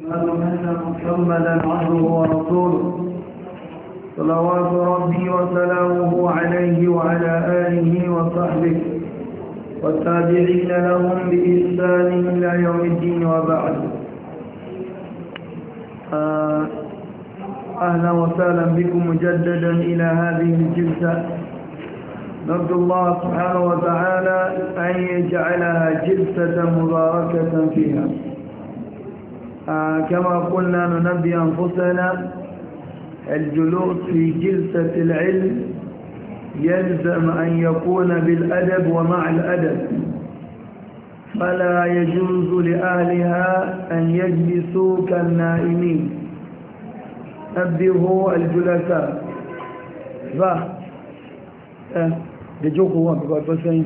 محمدا عبده ورسوله صلوات ربي وسلامه عليه وعلى آله وصحبه والتابعين لهم بإحسان إلى يوم الدين وبعد آه، أهلا وسهلا بكم مجددا إلى هذه الجلسة نرجو الله سبحانه وتعالى أن يجعلها جلسة مباركة فيها آه، كما قلنا ننبي أنفسنا الجلوس في جلسة العلم يلزم أن يكون بالأدب ومع الأدب فلا يجوز لأهلها أن يجلسوا كالنائمين نبهوا الجلساء ذا دجوكوا بقى بسين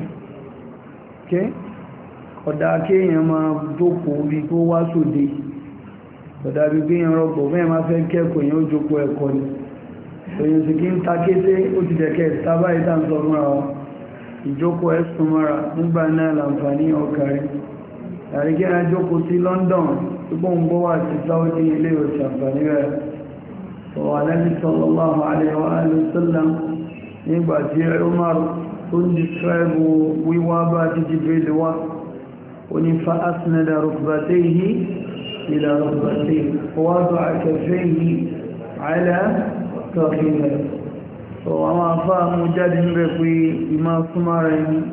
كي قد أكي يما دوكوا ọ̀dàbí pé yẹn rọgbọ̀ bẹ́ẹ̀ ma fẹ́ kẹ́kọ̀ọ́ yẹn ó jókòó ẹ̀kọ́ ni òyìn sì kí ń ta kété ó ti dẹ̀kẹ́ tábà ìta ń sọ fúnra wọn ìjókòó ẹ̀sùn mọ́ra nígbà náà làǹfààní ọkàrí àrí kí sí London gbogbo ń bọ́ Saudi ilé òṣà àǹfààní rẹ̀ ọ̀wà lẹ́ni sallallahu alaihi wa sallam nígbà tí Umar tó ń describe wíwá bá ti jìbìlì إلى ركبتيه ووضع كفيه على كفيه وما فهم جد بقي ما سمر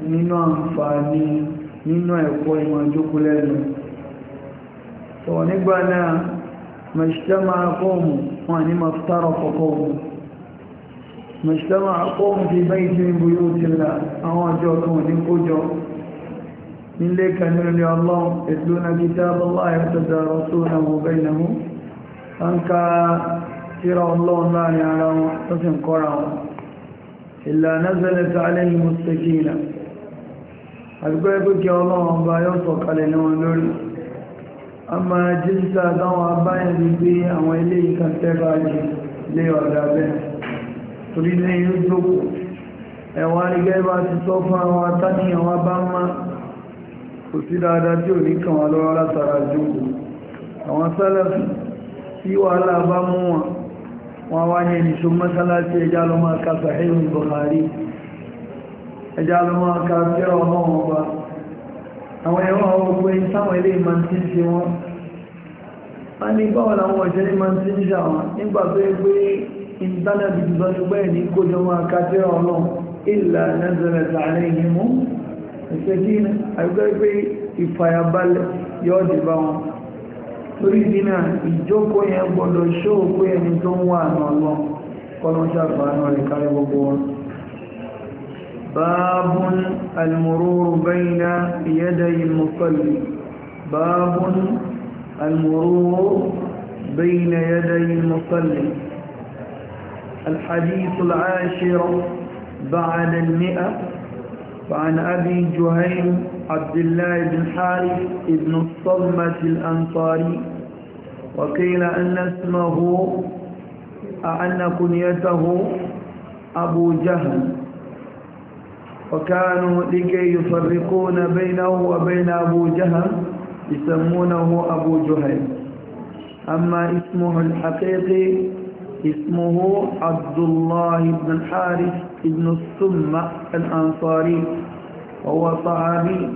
من أنفاني من يقوي ما جوك لنا ونقبل ما اجتمع قوم وأن ما افترق قوم ما اجتمع قوم في بيت من بيوت الله أواجهكم ونقجوا nílé kanúrú ní ọlọ́run ètò nàbí tábọ́lá ẹ̀tọ́dà rọ́sùnàwò bẹ́ẹ̀nàmú wọ́n ká tíra ọlọ́run láàrin ara wọn tó sì ń kọ́ra wọn ìlà nẹ́sẹ̀lẹ̀ tààlẹ́ ní mùsùlùmí àgbẹ́ pẹ́kẹ́ ọlọ́run ọba yóò sọ̀kalẹ̀ ní wọn lórí a máa jíńsà táwọn abáyẹ̀ ní pé àwọn ilé kò sí dáadáa tí ò ní kàn wọ́n lọ́wọ́ látara jókòó àwọn sálẹ̀fì tí wàhálà bá mú wọn wọ́n wá ní ìṣò mọ́sálásí ẹjá lọ máa ka sàhíhùn Bukhari ẹjá lọ máa ka fẹ́rọ ọmọ wọn bá àwọn ẹ̀wọ̀n àwọn ogun sáwọn ilé ìmọ̀ tí wọn a ní báwọn làwọn ọ̀ṣẹ́ ní máa ti àwọn nígbà tó yẹ pé ìntánẹ̀tì ti sọ ní ní kójọ máa ka fẹ́rọ ọlọ́run ìlànà zẹ̀rẹ̀ sàárẹ̀ yìí mú ìṣẹ́dínà àgbẹ́ pé ìfàyàbalẹ̀ yóò dé bá wọn torí dínà ìjókòó yẹn gbọdọ̀ ṣóòkó ẹni tó ń wà náà lọ kọlọ́ṣà fàánà rẹ̀ kárí gbogbo wọn báábùn almururu الحديث العاشر بعد المئة فعن أبي جهيم عبد الله بن حارث بن الصمة الأنصاري وقيل أن اسمه أن كنيته أبو جهل وكانوا لكي يفرقون بينه وبين أبو جهل يسمونه أبو جهيم أما اسمه الحقيقي اسمه عبد الله بن الحارث بن السمة الأنصاري وهو صحابي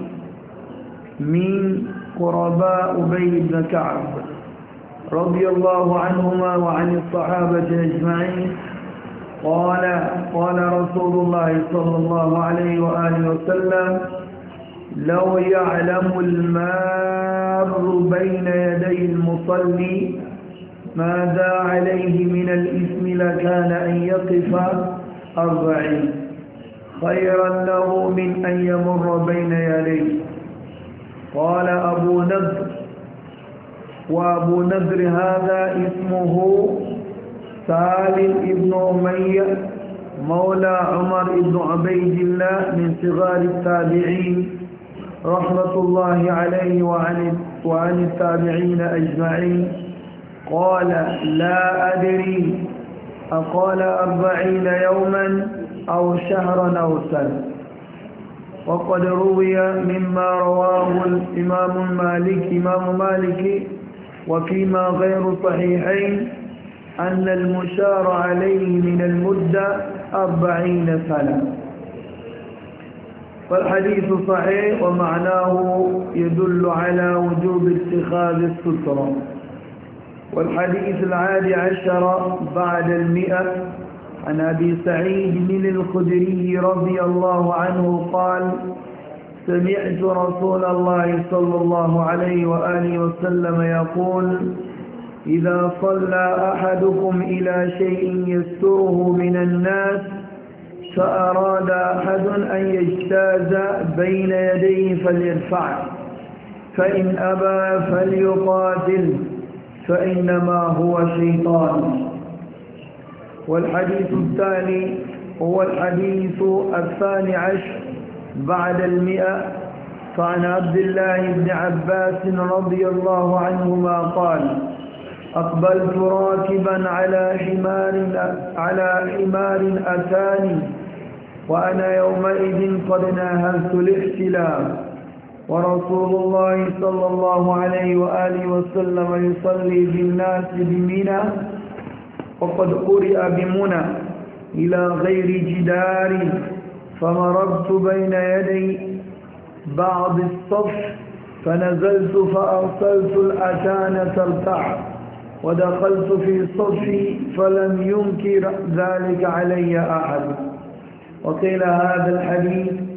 من قرباء أبي بن كعب رضي الله عنهما وعن الصحابة أجمعين قال قال رسول الله صلى الله عليه وآله وسلم لو يعلم المار بين يدي المصلي ماذا عليه من الإثم لكان أن يقف أربعين خيرا له من أن يمر بين يديه قال أبو نذر وأبو نذر هذا اسمه سالم ابن أمية مولى عمر بن عبيد الله من صغار التابعين رحمة الله عليه وعن, وعن التابعين أجمعين قال لا أدري أقال أربعين يوما أو شهرا أو سنة وقد روي مما رواه الإمام مالك إمام مالك وفيما غير صحيحين أن المشار عليه من المدة أربعين سنة فالحديث صحيح ومعناه يدل على وجوب اتخاذ السترة والحديث العادي عشر بعد المئة عن أبي سعيد بن الخدري رضي الله عنه قال سمعت رسول الله صلى الله عليه وآله وسلم يقول إذا صلى أحدكم إلى شيء يستره من الناس فأراد أحد أن يجتاز بين يديه فليرفعه فإن أبى فليقاتله فإنما هو شيطان والحديث الثاني هو الحديث الثاني عشر بعد المئة فعن عبد الله بن عباس رضي الله عنهما قال أقبلت راكبا على حمار على حمار أتاني وأنا يومئذ قد ناهزت الاحتلال ورسول الله صلى الله عليه وآله وسلم يصلي بالناس بمنى وقد قرئ بمنى إلى غير جدار فمررت بين يدي بعض الصف فنزلت فأرسلت الأتان ترتع ودخلت في صفي فلم ينكر ذلك علي أحد وقيل هذا الحديث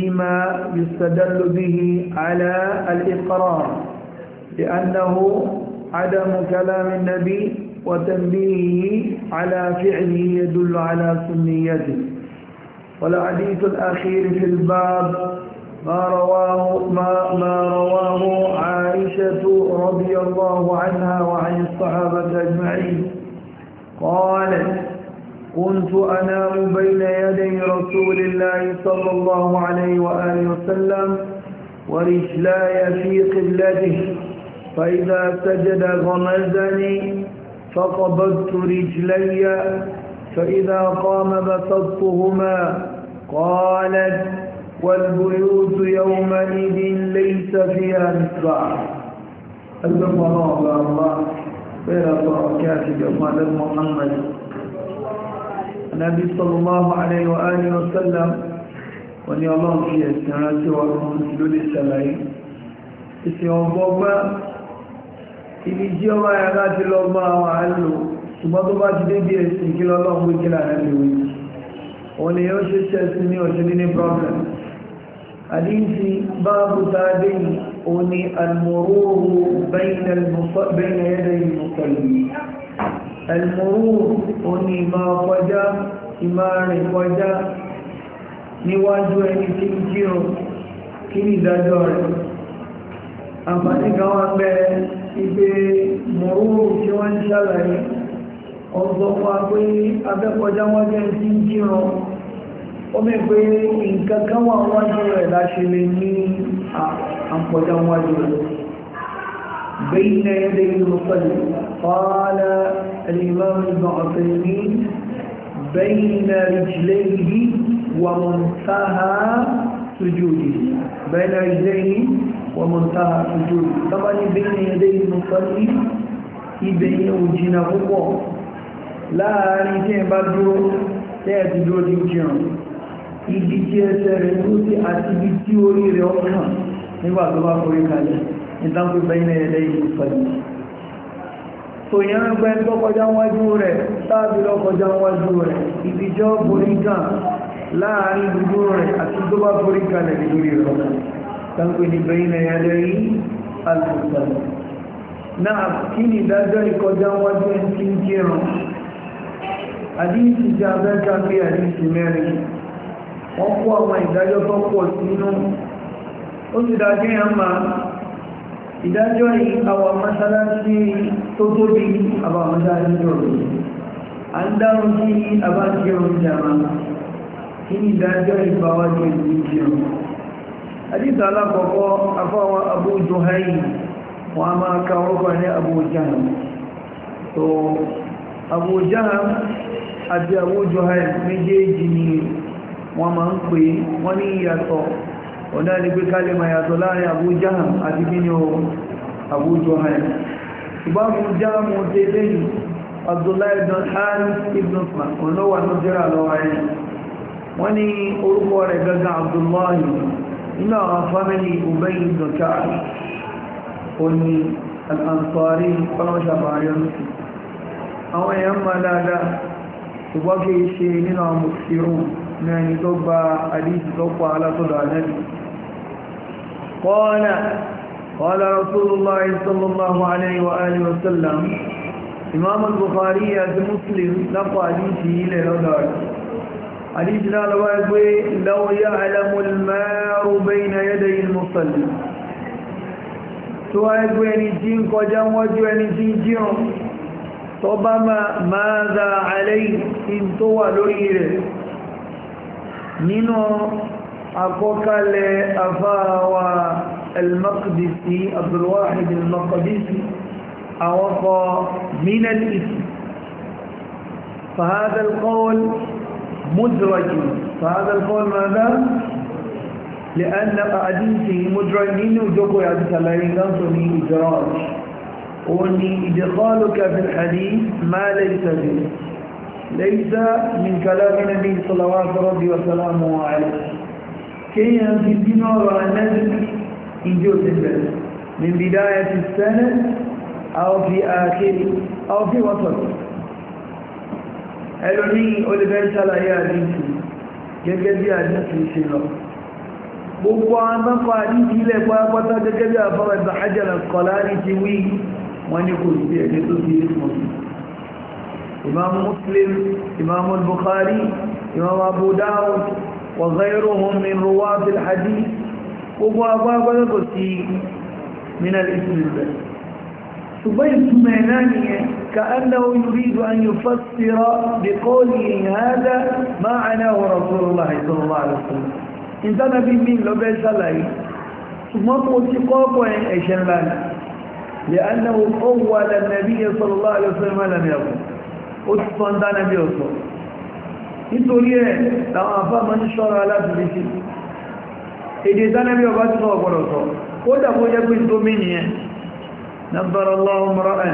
فيما يستدل به على الإقرار لأنه عدم كلام النبي وتنبيهه على فعله يدل على سنيته والحديث الأخير في الباب ما رواه ما, ما رواه عائشة رضي الله عنها وعن الصحابة أجمعين قالت كنت أنام بين يدي رسول الله صلى الله عليه وآله وسلم ورجلاي في قبلته فإذا سجد غمزني فقبضت رجلي فإذا قام بسطتهما قالت والبيوت يومئذ ليس فيها مصباح الله الله الله الله الله محمد anábí sallallahu alayhi wa alihi wa sallam wọ́n ní ọlọ́run fi ẹ̀sìn rántí wa fún ló lè ṣàlàyé ìsìn ọgbọ́gbá ibi jí ọmọ ẹ̀ láti lọ gbọ́ àwọn àlò ṣùgbọ́n tó bá ti dé bí ẹ̀sìn kí lọ́lọ́run gbé باب تابعي أني المرور بين, يدي المصلي ẹ̀lmọ̀rú òní ìmá kọjá ìmá rìn kọjá níwájú ẹni tí ń kírun kí ní ìdájọ́ rẹ̀ àǹfààní kan wá bẹ ibi mọ̀rú tí wọ́n ń ṣàlàyé ọ̀sọ̀ wa pé abẹ́kọjá wájú ẹni tí ń kírun ó mẹ́ pé nǹkan kan wà wájú rẹ̀ láṣẹ lè ní àǹkọjá wájú rẹ̀ bẹ́yìn náà yẹ́ قال الإمام البعثيني بين رجليه ومنتهى سجوده بين رجليه ومنتهى سجوده طبعا بين يدي المصلي يبين وجنه لا يتعب بعده تأتي جود الجنة يبتدي سرعته أتبتي وري ركن إن بعد ما كوري كذا إن بين يدي المصلي kò yẹn ń gbẹ́ tó kọjá wájú rẹ̀ táàbí lọ kọjá wájú rẹ̀ ìdíjọ́ borí kan láàrin dúdú rẹ̀ àti tó bá borí kalẹ̀ lórí rẹ̀ tàbí ní bẹ̀yìn ẹ̀yà lẹ́yìn alùpùpù náà kí ni ìdájọ́ ìkọjá wájú ẹ̀ tí ń kírun àdíyìí ti abẹ́ta bí àdíyìí mẹ́rin wọ́n ti dájú ìdájọ́ yìí àwọn mọ́sálásí tó tóbi àwọn mọ́sálásí rọrùn a ń dáhùn sí àbájẹun jama kí ni ìdájọ́ ìbáwájẹ́ ìlú jẹun àdíta alákọ̀ọ́kọ́ afọ́wọ́ Abu Juhaym wọn a máa ka ọkọ̀ ní Abu Jahm so Abu Jahm àti Abu Juhaym méjèèjì ni wọ́n máa ń pè wọ́n ní ìyàtọ̀ ọ̀dá ni pé kálẹ̀ ma yàtọ̀ láàrin Abu Jahm àti kí ni ó Abu Juhaym ṣùgbọ́n Abu Jahm tẹ́ lẹ́yìn Abdullahi ibn Harith ibn ọ̀nọ́wà ló jẹ́ra lọ́wọ́ ẹ̀ wọ́n ní orúkọ rẹ̀ gangan Abdullahi inú àwọn fámílì Ubay ibn Ka'b òní al-Ansari kọ́lọ́ṣàbà ayọ́nùsì àwọn ẹni tó gba àdíjì tó pa alátọ́dọ̀ ànẹ́bì قال قال رسول الله صلى الله عليه وآله وسلم إمام البخاري مسلم لقى حديثه لرجل حديث لا لو يعلم المار بين يدي المصلي tó wá ẹgbẹ́ ẹni tí ń kọjá wọ́jú ẹni tí ń jíran àkọ́kálẹ̀ afáwa المقدسي Abdulwahid الواحد المقدسي àwọn من الإثم فهذا القول مدرج فهذا القول ماذا لأن أحاديثه مدرج منه جوكو يا الله لنصني إدراج وأني إدخالك في الحديث ما ليس به ليس من كلام النبي صلوات ربي وسلامه عليه kéèyàn في bínú ọ̀rọ̀ anẹ́bí ìjọ ti bẹ̀rẹ̀ ní bìdáyà ti sẹ́nẹ̀ àwọ̀fí àkéèrè àwọ̀fí wọ́tọ̀ ẹlòmí olùfẹ́ sálàyé àdínkù gẹ́gẹ́ bí àdínkù ṣe lọ gbogbo àmọ́kọ̀ àdínkù ilẹ̀ pápátá gẹ́gẹ́ bí àfọ́wẹ́ bàájẹ̀lẹ̀ kọ̀lá ní ti wí wọ́n ní kò sí ẹ̀kẹ́ tó fi lè mọ̀ Imam Muslim Imam Bukhari Imam Abu Dawud وغيرهم من رواة الحديث gbogbo agbágbá lọ́pọ̀ من الاسم البس سبيت معناني كأنه يريد أن يفسر بقوله هذا ما عناه رسول الله صلى الله عليه وسلم إنسان بمين لو بيس الله ثم قلت قاقوا إيشان لنا لأنه أول النبي صلى الله عليه وسلم لم يقل أتفن دانا بيوصل nítorí ẹ̀ láwọn àfáàmà ní ṣọ́ra alábìlẹ́sí èdè tánàbí ọba tí wọ́n gbọ́dọ̀ sọ ó dàbó jẹ́ pé tó نبر الله امرأة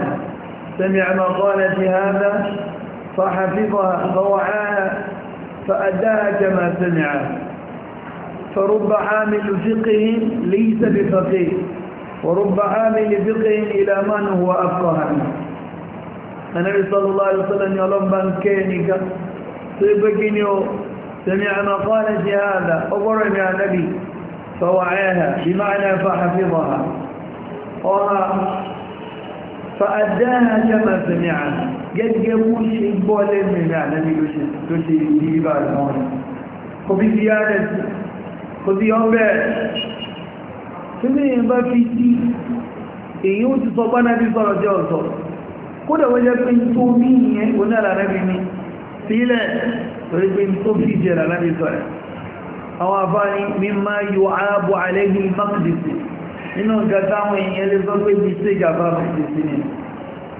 سمع مقالة هذا فحفظها فوعاها فأداها كما سمع فرب عامل فقه ليس بفقيه ورب عامل فقه إلى من هو أفقه النبي صلى الله عليه وسلم يلبن كينك سيبقينيو سمعنا مقالة هذا أقرم يا نبي فوعيها بمعنى فحفظها فأداها كما سمعها قد جابوش البولين من نبي لشي دي بعد المعنى خبي زيادة خبي عمر سمعي ما في سي إيوتي ó ti sọ bá náà من تومين jẹ́ نبي نبي wọ́n sílẹ̀ torí pé tó fi jẹ́rà láti sọ̀rẹ̀ àwọn afáàní mímá yóò ààbò àlẹ́gbì mákìdìsì nínú gàtàwọn èèyàn lè sọ pé bí sí gàbá mákìdìsì ni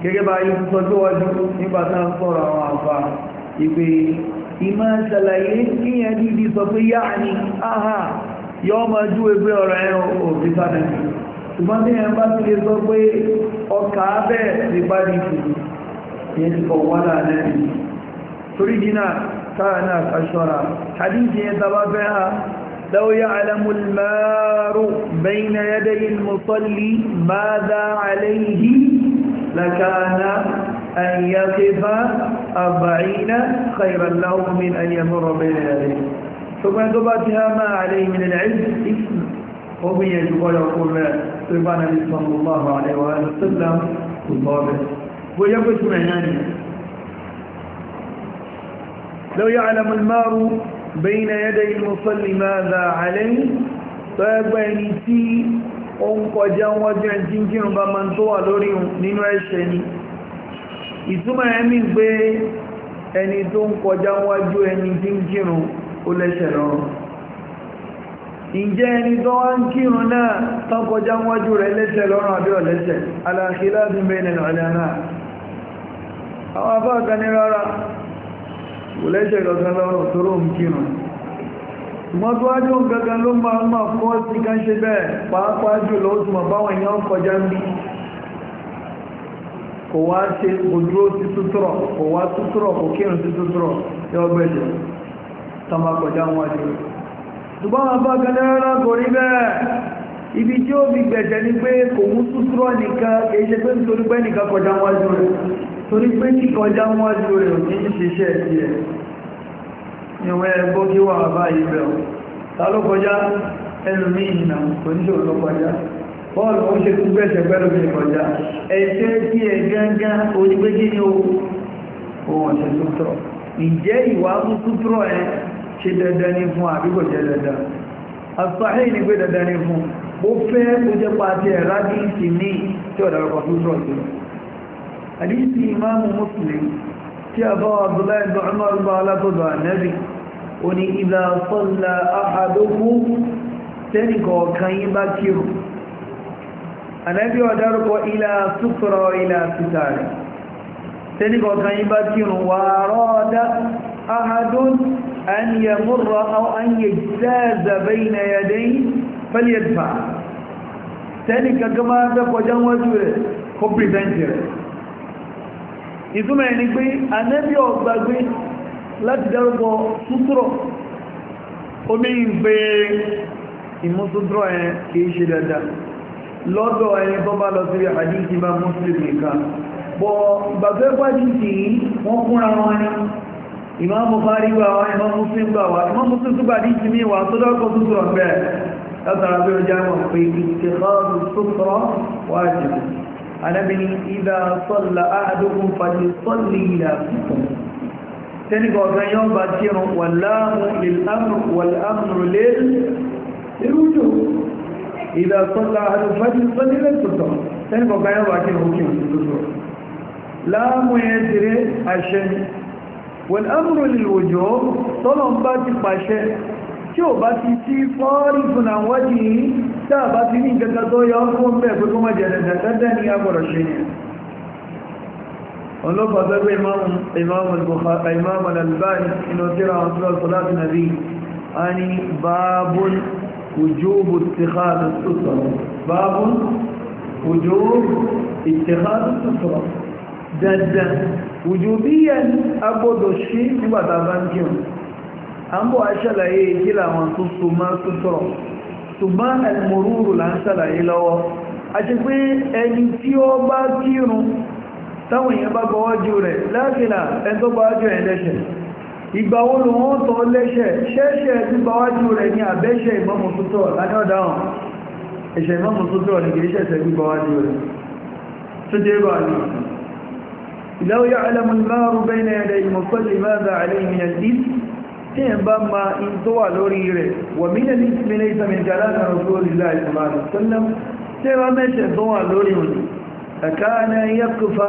gẹ́gẹ́ bá yóò sọ tó wájú nígbà tá ń sọ̀rọ̀ àwọn afá ìpè ìmá sọ pé yá ni áhà yọ́ máa ti تريدنا dínà أشرا حديثي kàṣọ́ra لو يعلم المار بين يدي المصلي ماذا عليه لكان أن يقف أربعين خيرا له من أن يمر بين يديه ثم ذبتها ما عليه من العلم اسم ومن يجب أن يقول ربنا صلى الله عليه وآله وسلم الضابط ويقف معنانه لو يعلم المار بين يدي المصلي ماذا عليه فأبني تي أنك جاوجا جنجين بمن طوى لوري نينو أشني ìtumọ̀ ẹ̀mí pé ẹni tó ń kọjá wájú ẹni tí ń kírun ó lẹ́ṣẹ̀ lọ ǹjẹ́ ẹni tó wá ń kírun náà tán kọjá wájú rẹ̀ lẹ́ṣẹ̀ lọ́rùn àbí ọ̀lẹ́ṣẹ̀ aláàkílá ti bẹ́ẹ̀ nìyàn ọ̀lẹ́ náà àwọn afọ́ kò lẹ́ṣẹ̀ ìlọ́gán lọ́rùn tó rò ń kírùn ṣùgbọ́n tó wájú gangan ló máa máa fọ́ sí ká ṣe bẹ́ẹ̀ pàápàá jùlọ ó túnmọ̀ báwọn èèyàn kọjá ń bí kò wá ṣe ojú sí tútúrọ̀ kò wá tútúrọ̀ kò kírùn sí tútúrọ̀ yọ gbẹ̀jẹ̀ tọ́mà kọjá wọn jù ṣùgbọ́n àbá gangan rárá kò rí bẹ́ẹ̀ ibi tí ó fi gbẹ̀jẹ̀ ni pé kò mú tútúrọ̀ nìkan kì ṣe pé nítorí pé nìkan kọjá wọn jù rẹ̀ torí pé kíkọjá wájú rẹ̀ ní ṣiṣẹ́ ti ẹ̀ ìwẹ́ ẹgbọ́ kí wà bá ibẹ̀ ọ̀ ta ló kọjá ẹlùmí ìnà kò ní ṣòro kọjá bọ́ọ̀lù ó ṣe tún bẹ́ẹ̀ṣẹ̀ pẹ́lú mi kọjá ẹ̀ṣẹ́ tí ẹ gángan onígbégí ní ohun ṣe sútọ̀ ìjẹ́ ìwà sútúrọ̀ ẹ ṣe dandan ní fún àbíkò jẹ́ dandan àṣàhẹ́ ìní pé dandan ní fún ó fẹ́ ó jẹ́ pàtẹ́ rábíìsì ní tí ọ̀dàrọ̀kọ̀ sútúrọ̀ ìṣẹ́lẹ̀ àdísí imáàmù muslim tí a bá abdullahi ibn umar bá alátọ́dọ̀ ànẹ́bì ó ní ìlà sọ́lá àhàdókú tẹ́nìkọ̀ kan yí bá kírù ànẹ́bì ọ̀dárúkọ ìlà sútọrọ ìlà sítàrí tẹ́nìkọ̀ kan yí bá kírù wà rọ́ọ̀dá àhàdún an yẹ múrọ̀ àwọn an yẹ jẹ́ na yadayi falyadfa tẹ́nìkọ̀ gama fẹ́ kọjá wájú rẹ̀ kó prevent rẹ̀ ìtumọ̀ ẹni pé anẹ́bí ọgbàgbé láti dárúkọ sútúrọ̀ omi ń gbé ìmúsútúrọ̀ ẹ kìí ṣe dada lọ́dọ̀ ẹni tó bá lọ sí àdíjì bá mùsùlùmí nìkan bọ̀ gbàgbé pàdé tí wọ́n kúnra wọn ni ìmáàmù fárí gbà wá ìmáàmù mùsùlùmí anábìnrin ìdá sọ́lá àádógún fàdí sọ́lì ìlà púpọ̀ tẹ́nìkọ̀ ọ̀gá yọ́ bá tí rùn wàlámù lèrújò ìdá sọ́lá àádógún fàdí sọ́lì ìlà púpọ̀ tẹ́nìkọ̀ ọ̀gá yọ́ bá tí rùn kí tí ò bá ti tí fọ́ọ̀rí fún àwọn jì ní tàà bá ti ní gẹ́gẹ́ tó yọ fún bẹ́ẹ̀ pé kó má jẹ̀dẹ̀dẹ̀ tẹ́tẹ́ ní agbọ̀rọ̀ ṣe ni ọlọ́pàá tẹ́gbẹ́ imam al-albani inú tíra àwọn tíra sọ́láti nàbí a ní báábùn ojúbù ìtìkáàdù sọ́sọ̀rọ̀ à ń bọ̀ aṣàlàyé kí làwọn tó so máa tó sọ̀rọ̀ ṣùgbọ́n àìmọ̀rúurù là ń ṣàlàyé lọ́wọ́ àti pé ẹni tí ó bá kírun táwọn èèyàn bá gbọ́wọ́jú rẹ̀ láàkìlà ẹni tó gbọ́wọ́jú ẹ̀ lẹ́ṣẹ̀ ìgbà wo ló wọ́n tọ́ lẹ́ṣẹ̀ ṣẹ́ṣẹ̀ tí gbọ́wọ́jú rẹ̀ ní àbẹ́ṣẹ̀ ìmọ̀mùsútọ̀ lányọ́dáhùn ẹ̀ṣẹ̀ ìmọ̀mùsútọ̀ ní kìí ṣẹ̀ṣẹ̀ gbígbọ́wọ́jú rẹ̀ tó dé bá ní لو يعلم المار بين يدي المصلي ماذا عليه tí ẹ̀ bá ma in tó wà lórí rẹ̀ wà mílẹ̀ ní ìpínlẹ̀ ìsàmìjà látàrí lórí láìsàmàrù sọ́lọ́m tí wọ́n mẹ́ṣẹ̀ tó wà lórí òní ẹ̀káàná yẹ́kùfà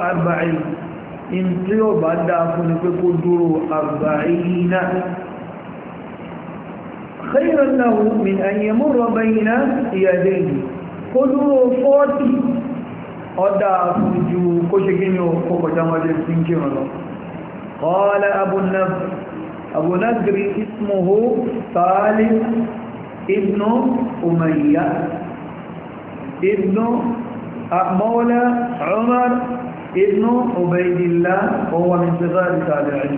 kó dúró من أن يمر بين يديه kó dúró fọ́ọ̀tì ọdá fún ju kó ṣe gíní ọkọ̀ jama'a jẹ́ sí lọ قال أبو النبي أبو نجر اسمه طالب ابن أمية ابن مولى عمر ابن عبيد الله وهو من صغار التابعين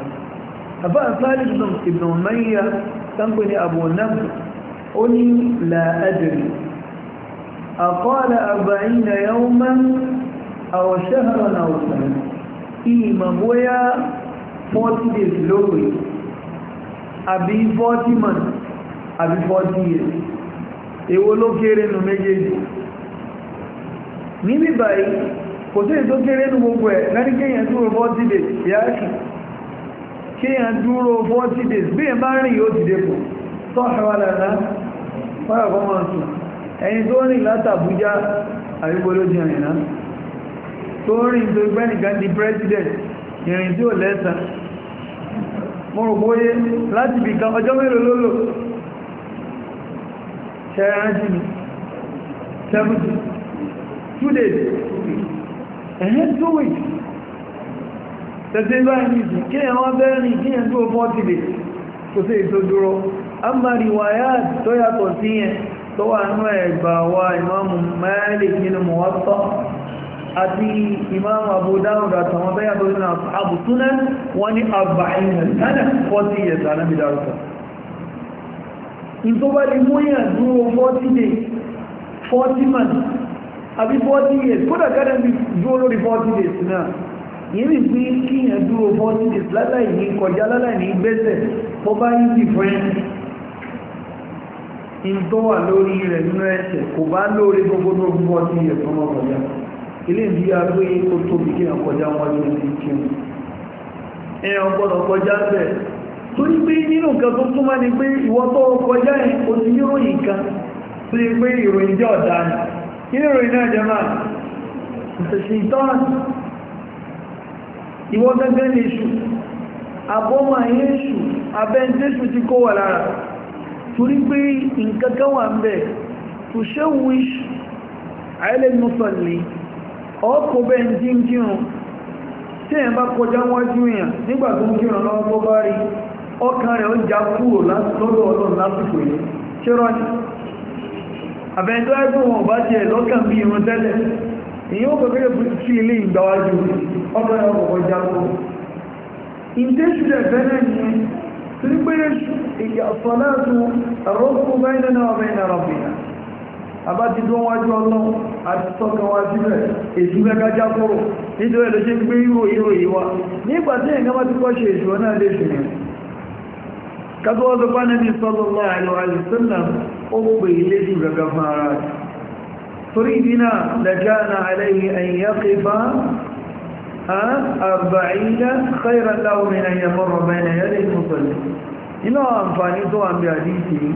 فطالب ابن أمية تنقل أبو نجر قل لا أدري أقال أربعين يوما أو شهرا أو سنة إيما بويا 40 days àbí 40 months àbí 40 years èwo ló kéré nù méjèèjì níbi báyìí kò sí ètò kéré nù gbogbo ẹ̀ lẹ́ni kéèyàn dúró 40 days yáàkì kéèyàn dúró 40 days bí ẹ̀ bá rìn yóò ti dépò tọ́ṣọ́wà lẹ́nà fọ́yàfọ́mọ̀sù ẹni tó rìn látàbújá àrígbólójì àrìnà tó rìn tó gbẹ́nìkan di president ìrìn tí ò lẹ́sàn mọ́rùn bóyé láti bí kan ọjọ́ mẹ́rin lólò ṣẹ́rántí ni 70 two days ẹ̀hẹ́ two weeks tẹ̀sẹ̀ báyìí ní kí ẹ̀ wọ́n bẹ́ẹ̀ ní kí ẹ̀ dúró 40 days kò sí ètò dúró a máa rí wáyá tó yàtọ̀ sí yẹn tó wà nínú ẹ̀gbà wa Imam Malik nínú Muwatta àti imam abu dawud àtàwọn bẹ́yà tó sínú àbù súnà wọ́n ní àbàáyìnà lánà 40 years alábi dárúkọ in tó bá lè dúró 40 days 40 months àbí 40 years kódà kádà bí dúró lórí 40 days náà yìí bí kíyàn dúró 40 days láláì ní kọjá láláì ní gbẹ́sẹ̀ tó bá yí sí friend in tó wà 40 years ilé ìdí agbé ó tóbi kí ọkọjá wọn ní ti kí wọn èèyàn gbọ́dọ̀ kọjá bẹ̀ tó ní pé nínú nǹkan tó túnmọ́ ni pé ìwọ tó kọjá yẹn o ti níròyìn kan tó yẹ pé ìròyìn jẹ́ ọ̀dá ni kí ní ìròyìn náà jẹ́ máa ìṣẹ̀ṣẹ̀ ìtọ́nà ìwọ gẹ́gẹ́ ní iṣu àbọ́mọ̀ ayé iṣu abẹ́ntẹ́sù ti kó wà lára torí pé nǹkan kan wà ń bẹ̀ tó ṣe wíṣ ayẹ́lẹ́ mọ́sàn ọkùn bẹ́ ń dín tí ẹ̀ bá kọjá wájú èèyàn nígbà ń kírun lọ́wọ́ tó bá rí ọkàn rẹ̀ ó já kúrò lọ́dọ̀ ọlọ́run lásìkò yìí ṣé rọ́ọ̀nì àbẹ̀ntọ́ ẹgbùn wọn bá jẹ́ lọ́kàn bí irun tẹ́lẹ̀ èyí ó kọ̀kẹ́rẹ̀ sí ilé ìgbàwájú abájídó wájú ọlọ́run àti tọ́ka wá sílẹ̀ èsù gẹ́gẹ́ jákòrò nítorí ẹ̀lẹ́ ṣe gbé ìrò ìrò ìwá nígbà tí ẹ̀gá bá ti kọ́ ṣe èsù náà lè ṣe yẹn kátó wọ́n tó bá nẹ́bí sọ́lọ́lá àlọ́ àlùsọ́nà ó pè ilé jù gẹ́gẹ́ fún ara rẹ̀ torí ìdínà lẹ́jáàna àlẹ́yìn ẹ̀yìn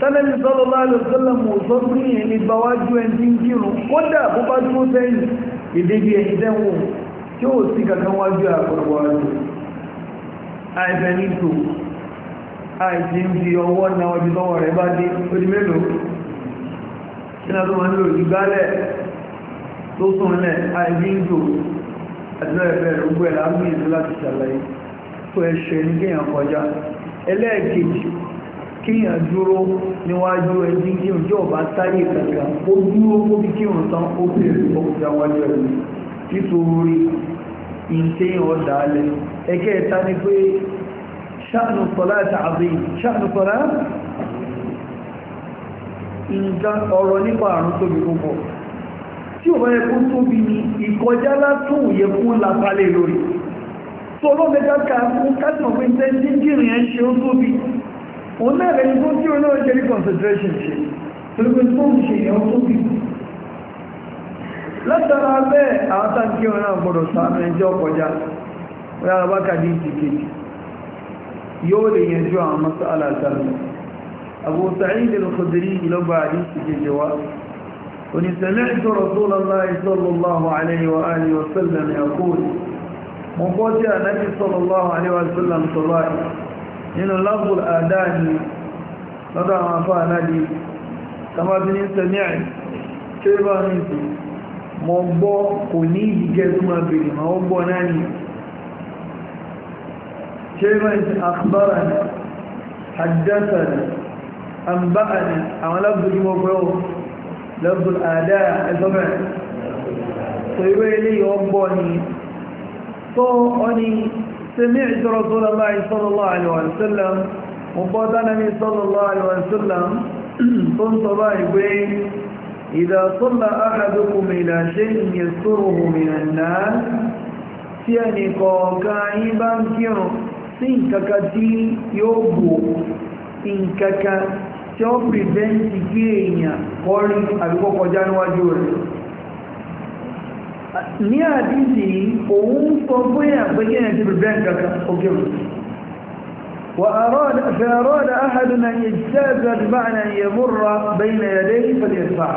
tánàbí sallallahu alaihi wasallam sọ pé èyàn lè gba wájú ẹni tí ń kírun kódà bó bá dúró sẹ́yìn ìdébí ẹni tẹ́wọ̀n tí ó sì kankan wájú àpapọ̀ wájú àìfẹ́ ní tò àìsí ń fi ọwọ́ na ọjọ́ tọwọ́ rẹ̀ bá dé orí mélòó kí náà tó máa ń lò ìgbálẹ̀ tó sùn lẹ̀ àìsí ń tò àjọ ẹ̀fẹ́ rògbò ẹ̀ láàrín ìlú láti ṣàlàyé tó ẹ̀ṣẹ̀ ní kéèyàn kọjá ẹlẹ́ẹ̀kejì kíyàn dúró níwájú ẹjí kí òjò ọba táyé kàkà ó dúró ó bí kí òun tán ó bèèrè ọkùnjà wájú ẹ̀rù nítorí ìṣẹ́yìn ọ̀dà alẹ́ ẹ̀kẹ́ ẹ̀ta ni pé ṣáànù sọ́lá àtàbí ṣáànù sọ́lá nǹkan ọ̀rọ̀ nípa àrùn tóbi púpọ̀ tí ò bá yẹ kó tóbi ni ìkọjá látún yẹ kó lápálẹ̀ lórí tó ló mẹ́ta ká fún kásìmọ̀ pé ń tẹ́ ń dín jìrìn ẹ̀ ṣe ó tóbi òun náà rẹ̀ tó tí òun náà jẹ́ ní concentration ṣe torípé tó ń ṣe ìyàwó tó bí látara bẹ́ẹ̀ àwọn táǹkì òun náà gbọ́dọ̀ sàánú ẹjọ́ kọjá rárá wákàtí abu sa'id al-khudri ìlọ́gbà àdìsí kejì wa وني سمعت رسول الله صلى الله عليه وآله وسلم يقول مقوتي النبي صلى الله عليه وسلم صلى الله عليه وسلم nínú lafzul àdá ni lọ́dọ̀ àwọn afọ́ ànádi tàbá bí ní sẹ́míà tí ó bá ní ìsìn mọ́ gbọ́ kò ní ìdíkẹ́ tó máa bèèrè ma ó gbọ́ náà ni tí ó bá ní sìn ni àdásà ni àmbáà ni àwọn lafzul yíwọ́ pẹ́wọ́ lafzul àdá ẹ̀sọ́fẹ́ سمعت رسول الله صلى الله عليه وسلم وبدأ النبي صلى الله عليه وسلم كنت بايبين إذا صلى أحدكم إلى شيء يسره من الناس فيني قاكايبا كيرو سنككا تي يوبو سنككا تي يوبو بنتي كينيا قولي أبقى قجان وجوري ní àdíjì òun sọ bóyá pé kí ẹ̀ ti bẹ̀rẹ̀ nǹkan òkè mú وأراد فأراد أحد أن يجتاز بمعنى أن يمر بين يديه فليدفع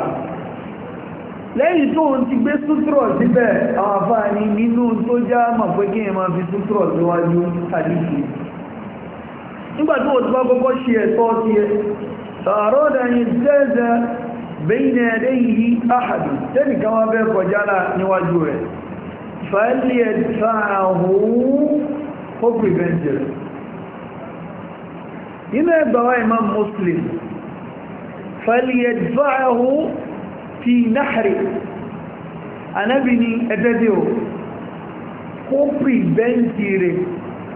lẹ́yìn tó ń ti gbé sútrọ̀ síbẹ̀ àwọn àfáàní nínú tó já mọ̀ pé kí èèyàn máa fi بين يديه أحد تاني كما بيك وجالا نواجوه فليدفعه حب بنجر هنا يبقى إمام مسلم فليدفعه في نحر أنا بني أتدعو حب بنجر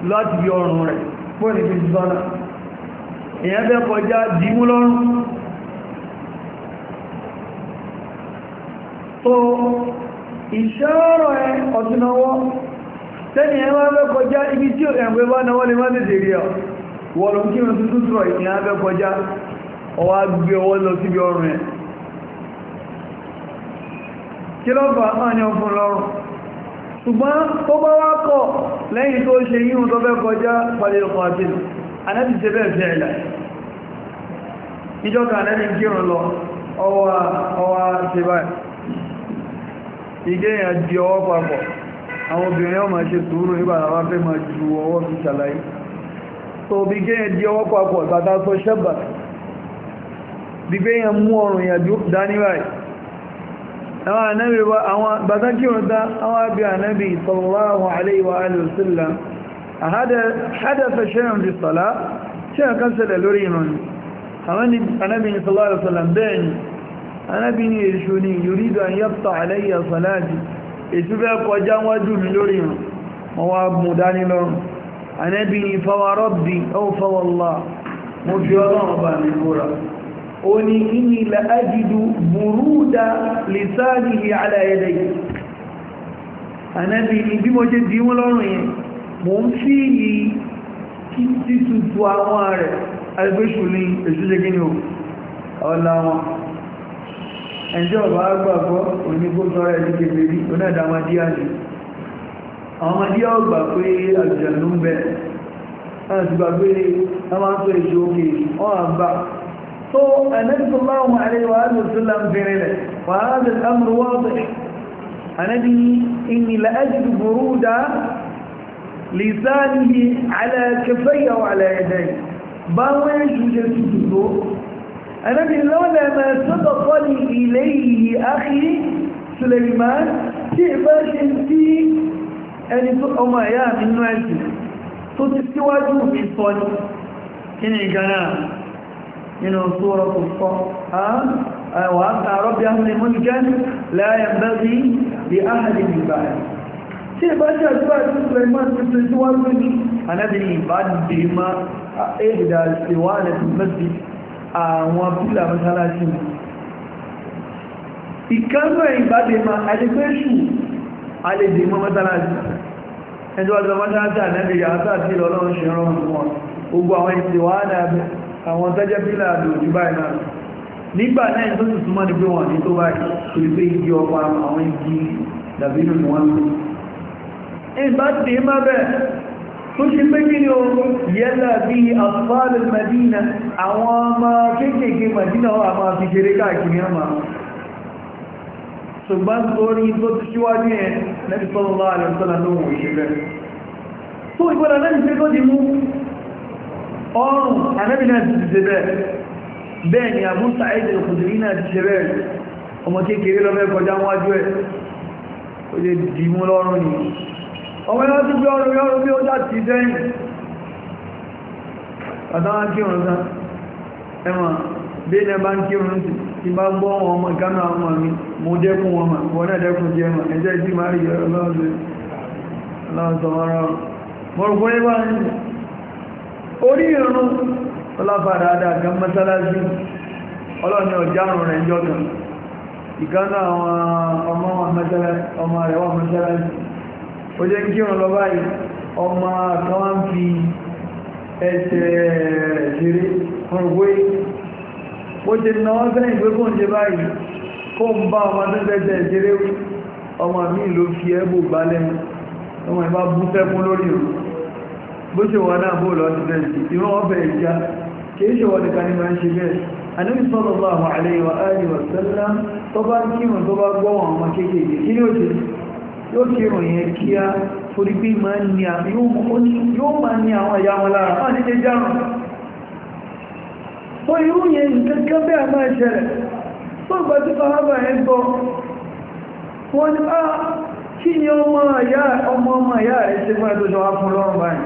لا تبيعون هنا بني بنجر هنا بيك وجال ديمو لونه so ìṣọ́rọ̀ ẹ ọ̀túnnáwọ́ tẹ́ni ẹ máa bẹ́ kọjá ibi tí ẹ̀gbẹ́ bá náwọ́ lè má tètè rí ọ wọ̀lọ̀ kí wọ́n tuntun sọ ìyìn abẹ́ kọjá ọwá gbé ọwọ́ lọ síbi ọrùn ẹ̀ kí lọ́fà àyàn fún lọ́rùn ṣùgbọ́n tó bá wá kọ̀ lẹ́yìn ìjọ́ka anẹ́bì kírùn lọ ọwọ́ ṣe báyìí ìgéyàn di ọwọ́ papọ̀ àwọn obìnrin ọmọ ṣe sùúrù nígbàtàwà fẹ́ ma ju ọwọ́ fi ṣàlàyé so bí géyàn di ọwọ́ papọ̀ tàbí sọ ṣẹ́bà bí géyàn mú ọrùn yà dáníwáì àwọn ànábì wa àwọn bàtàkìrún ta àwọn àbí ànábì sallallahu alaihi wa alihi wasallam hadatha shay'un fi salat shay'un kan ṣẹlẹ̀ lórí arábìnrin èṣù ni yuridu an yaqta alayya salati èṣù fẹ́ kọjá wájú mi lórí hàn wọ́n wá mú dání lọ́rùn arábìnrin fawa rabbi aw fawa Allah mo fi ọlọ́run bá mi kóra ó ní inni la ajidu buruda lisanihi ala yadayhi arábìnrin bí mo ṣe dí wọn lọ́rùn yẹn mo fi yìí kí títútù àwọn rẹ̀ agbésù ní èṣù jẹ́ kí ni ó ọ̀la wọn ẹ̀jọ́ ọ̀bá gbàgbọ́ onígbótọ́rọ̀ ẹni kèfèrí onáàdá amadíyà ni àwọn amadíyà ó gbà pé àjẹ̀lú ń bẹ náà ti gbà pé a máa ń tó èṣù òkè wọ́n à ń bá tó ẹ̀nẹ́dìkọ́ láwọn àrẹ́wà àdùsílà ń bẹ̀rẹ̀ rẹ̀ wàhálà àmúrú wọ́ọ̀dẹ̀ ànẹ́bí ìnìlẹ̀ anábì lọ́nà ẹ̀mẹ́ sọ́tọ̀ fọ́lì ilé ìyí áhì Suleiman tí ìbẹ́ ṣe tí ẹni tó ọmọ ẹ̀yà nínú ẹ̀sìn tó ti síwájú mi sọ ní kí ni لا ينبغي لأحد من بعد tí ìbá ṣe àjúbà tí Suleiman ti tó síwájú ní anábìnrin ìbá dìí ma ẹ̀dà ìwà àti mẹ́sìlì àwọn pílà mọ́sálásí ìkánú ẹ̀yìn bá dé ma àdẹ́gbẹ́ṣù alèdè mọ́ mọ́sálásí ẹjọ́ ọjọ́ mọ́sálásí ànẹ́bìyà àtàtí lọ́lọ́run ṣe rán wọn gbogbo àwọn ìsìnwádà àwọn tẹ́jẹ́ pílà àdòjú báyìí náà nígbà náà tó sì súnmọ́ ní pé wọ́n ní tó tó ṣe pé kí ni o yẹ́lá bí àfáàlù Madina àwọn ọmọ kéékèèké Madina wà máa fi jẹrẹ káàkiri ọmọ ṣùgbọ́n torí tó ti ṣíwájú ẹ̀ lẹ́bí sallallahu alaihi wasallam ló wù ṣe bẹ́ẹ̀ tó ìgbọ́dọ̀ lẹ́bí pé tó ti mú ọrùn ànẹ́bí náà ti ṣe bẹ́ẹ̀ bẹ́ẹ̀ ọmọ ẹ̀rọ ti bí ọrọ̀ yọ́rọ̀ bí ó jáde dẹ́yìn àtàwà kí wọ́n sá ẹwà bí ilẹ̀ bá ń kí wọ́n sí ti bá gbọ́ wọn ọmọ ìkánà ọmọ mi mo dẹ́kun wọn mà wọ́n náà dẹ́kun jẹ́ mà ẹjẹ́ ìdí máa rí ọlọ́ọ̀lọ́ ìkánà àwọn ọmọ rẹ̀ wà mọ́sálásí ó jẹ́ kí wọ́n lọ báyìí ọmọ kan wá ń fi ẹsẹ̀ ṣeré ọ̀rọ̀gbé ó ti na wọ́n sẹ́yìn pé kó ń jẹ báyìí kó ń bá ọmọ tó fẹ́sẹ̀ ṣeré ọmọ mi ló fi ẹ́bù bá lẹ́nu ọmọ ìbá bú fẹ́kún lórí o bó ṣe wà náà bó lọ sí bẹ́ẹ̀sì ìran ọbẹ̀ ìjà alaihi wa alihi wa sallam tó bá ń kírun tó bá gbọ́wọ̀n ọmọ kéékèèké kí ni ó yóò kírùn yẹn kí á torí pé yóò máa ní àwọn ẹ̀yà wọn lára máa ní jẹjá rùn wọ́n irú yẹn nǹkan bẹ́ àmà ìṣẹ̀lẹ̀ tó gbà tí fàábà ẹ gbọ́ wọ́n ni á ah, kí ni ọmọ ọmọ ìyá rẹ̀ ṣe fún ẹ̀tọ́ ṣọwá fún lọ́rùn báyìí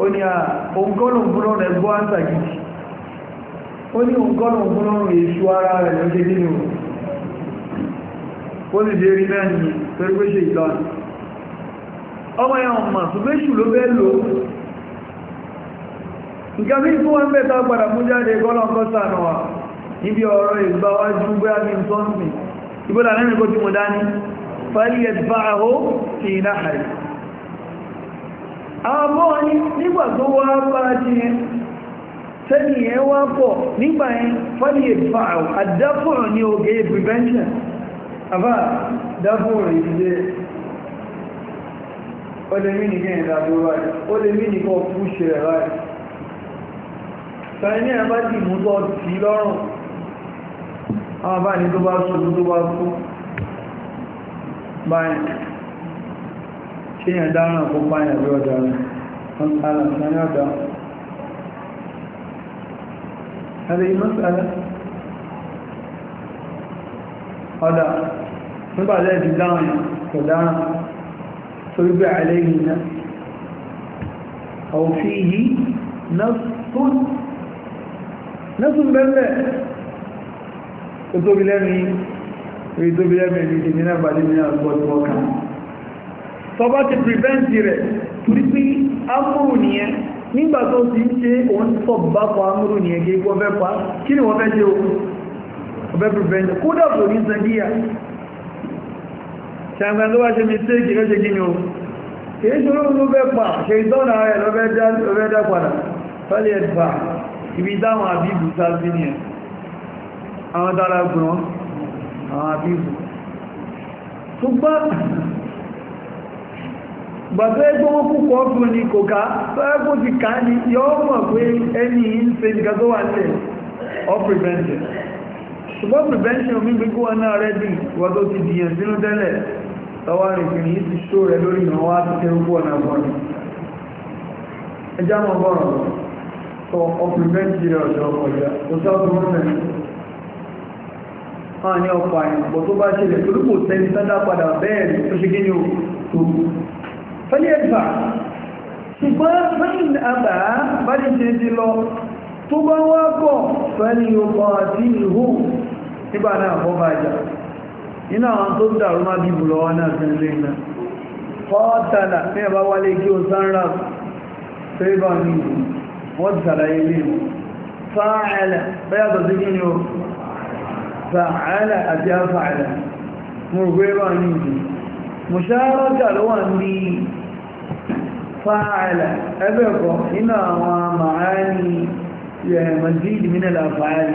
ó ní ah, òǹkọ́lùn torí pé ṣe ìtọ́nù ọmọ yẹn ọmọ ṣùgbéṣù ló fẹ́ lò nǹkan bí fún wọn bẹ́ẹ̀ tágbàdà fún jáde gọ́lọ́ǹkọ́ sànà wà níbi ọ̀rọ̀ ìgbà wájú bóyá bí sọ́ǹsìn ìbọ́lá lẹ́nu kó tí mo dání fàíyẹ̀dbáàhó ti náhàrí àmọ́ nígbà tó wá bá jí ẹ tẹ́lì ẹ wá pọ̀ nígbà ẹ fàíyẹ̀dbáàhó àdáfọ̀rọ̀ ní oge prevention àbá dábò rẹ̀ ìdílé ó lè mí nìkan ìdàbò ráì ó lè mí nìkan fúṣe rẹ̀ ráì sọ̀rọ̀ ní ẹ̀bá ti mú tọ́ sí lọ́rùn àwọn bá ní tó bá ṣubú tó bá kú báyìí ṣe yàn dáhùn àpò báyìí àbí ọjà rẹ̀ ọ̀dà nígbà lẹ́ẹ̀dì dáhùn kò dáhùn torí bí àlẹ́yìn náà ọ̀fí yìí nọ́sùn bẹ́ẹ̀ tóbi lẹ́rin rí tóbi lẹ́rin ní ìdí náà bàdé ní àgbọ̀tí ọkà tọba ṣe òun tọ́ amúrù nìyẹn gẹ́gbọ́ fẹ́ pa kí ni wọ́n fẹ́ ṣe òun bẹ́rù bẹ́ẹ̀ kódà kò ní sàdíyà ṣàǹgbà tó wá ṣe mistake lọ́ṣe gíní o kìí ṣòro ló bẹ́ pa ṣe ìtọ́nà rẹ̀ lọ́bẹ́ dá padà fẹ́lẹ̀ ẹ̀dfà ibi táwọn àbíbù sáàbí ni ẹ̀ àwọn dára gùn àwọn àbíbù ṣùgbọ́n gbàtọ́ ẹgbẹ́ wọn kú kọ́ fún ní kò ká fẹ́ẹ́kùn ti ká ní yọ́ mọ̀ pé ẹni ń ṣe nìkan tó wà tẹ̀ ọ́ prevented ṣùgbọ́n prevention mi bí kó ọ̀nà rẹ̀ dì wọ́n tó ti dìyàn sínú tẹ́lẹ̀ tọwọ́ ìfìní yìí ti ṣó rẹ̀ lórí ìrànwọ́ àti tẹ́rù kó ọ̀nà bọ́ọ̀nù ẹjá mọ̀ bọ́ọ̀rọ̀ sọ ọ̀pìnmẹ́ntì rẹ̀ ọ̀dọ̀ ọ̀dọ̀ kò sọ fún mọ́mẹ́ máa ní ọkọ̀ àyìnbó tó bá ṣẹlẹ̀ tó lùpò tẹ́lẹ̀ sádá padà bẹ́ẹ̀rẹ̀ tó bọ̀ àti ìhù nígbà náà kọ́ bá jà nínú àwọn tó ń dàrú má bíbù lọ́wọ́ náà sí ilé iná fọ́tàlà ní ẹ̀bá wálé kí o sáńrà tẹ́bà ní wọ́n sàlàyé lè fa'ala bẹ́yàtọ̀ sí kí ni o fa'ala ẹgbẹ́ ẹ̀kọ́ nínú àwọn màá ní yẹ̀mọ̀dí ìdìmínà làfààlì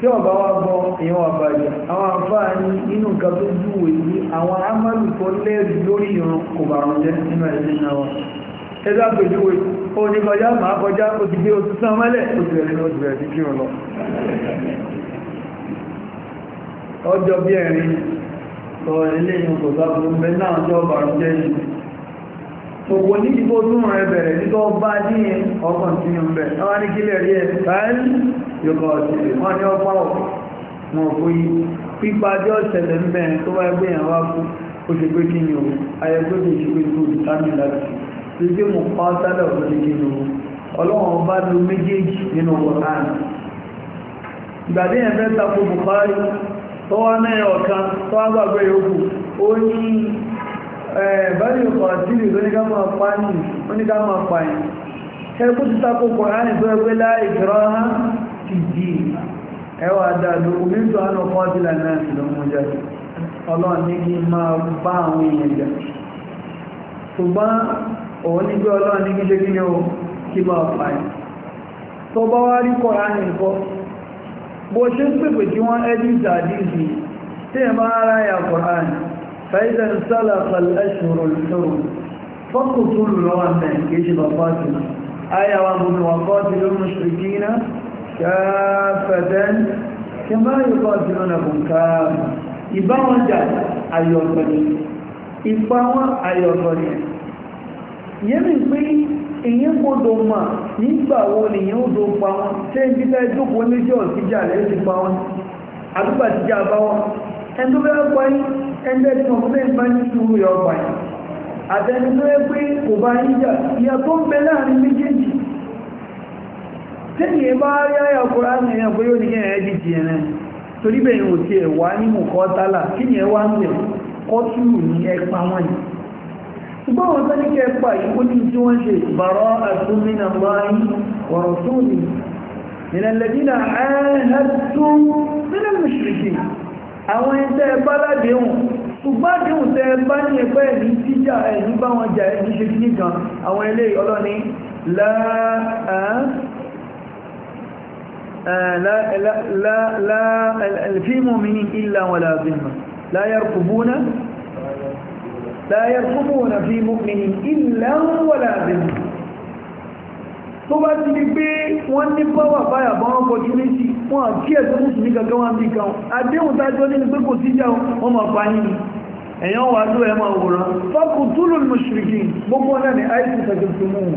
tí ọba wa gbọ́ èèyàn àbàjẹ́ àwọn àǹfààní inú nǹkan tó júwèé sí àwọn amálù tó lórí ìran kò bàrùn jẹ́ nínú ẹ̀sìn náà àpèjúwe ó ní kọjá máa kọjá ó ti gbé oṣù sán mẹ́lẹ̀ ó ti rẹ̀ ó rẹ̀ sí lọ ọjọ́ bí ẹ̀rin lọ kò bá mẹ́ náà jẹ́ yìí òwò ní ìbò rẹ̀ nígbà ọba yóò kọ́ ọtí rẹ̀ wọ́n ní ọgbà ọ̀ wọn kò yí pípa jọ ṣẹlẹ̀ ń bẹ̀rẹ̀ tó wá ẹgbẹ́ yẹn wá kú ó ṣe pé kí ni o ayẹgbẹ́ mi ṣe pé kí o ìtàmì láti ṣe pé mo pa ọ́ sálẹ̀ ọ̀dọ́ kí ni o ọlọ́wọ́n bá lo méjèèjì nínú Qur'an ìgbà tí yẹn fẹ́ tako Bukhari tó wá náà ọ̀kan tó wá gbàgbé yòókù ó ní báyìí ọkọ̀ àtìlì oníká máa pa ní oníká ti tako Qur'an tó ẹgbẹ́ láì ìfẹ́ràn fi dì ẹwà dáadọ́ omíntò àánú fọ́dílà náà sì lọ́mọ jáde ọlọ́run ní kí máa bá àwọn èèyàn jà ṣùgbọ́n òun ní pé ọlọ́run ní kí ṣe kí ni ó kí máa pààyàn tó bá wá rí kọ́ láàrin nǹkan bó ṣe ń pèpè tí wọ́n ẹ́dí ìdàdíjì tí ẹ máa ara ya Qur'an fẹ́ìdà sálà pẹ̀lẹ́ṣòro ìṣòro fọ́kùtù lọ́wọ́ káfẹ́dẹ́n kí má yíkọ́ sí ọ̀nà fún káàmù ìbá wọn jà ayọ̀tọ̀ ni ìpa wọn ayọ̀tọ̀ ni ìyẹn mi pé èyí gbọ́dọ̀ mà nígbà wo nìyẹn ó do pa wọn ṣé ibi tá ìjókòó méjì ọ̀sí jà lẹ́yìn ti pa wọn àdúgbà ti jà bá wọn ẹni tó bẹ́ẹ̀ pa yín ẹni tẹ́lẹ̀ tí wọ́n fẹ́ bá yín sùúrù yọ ọgbà yín àtẹni tó yẹ pé kò bá yín jà ìyà láàrin méjèèjì tẹ́yìn bá yáyà kùránì ẹ̀yàn pé yóò ní kí ẹ̀yà dìtì ẹ̀rẹ́ torí bẹ̀rẹ̀ ò ti ẹ̀wà ní mọ̀kọ́tálà kí ni ẹwà ń bẹ̀ kọ́tùrù ní ẹpa wọn yìí ṣùgbọ́n wọn tán ní kí ẹpa yìí ó ní tí wọ́n ṣe bàrọ́ àtúnmínà báyìí láàá لا لا لا لا في مؤمنين إلا ولا ذمة لا يرقبون لا يرقبون في مؤمن إلا ولا ذمة tó bá ti ní pé wọ́n ní pọ́wà báyà bá wọ́n kọjú méjì wọ́n àti ẹ̀tọ́ mùsùlùmí kankan wọ́n bí kan àdéhùn tájọ́ nínú pé kò síjà wọ́n máa pa yìí ẹ̀yàn wà ló ẹ̀ máa wòrán fọ́kùtúlù mùsùlùmí gbogbo náà ni àìsùn tẹ̀gbẹ̀gbẹ̀ mú wọn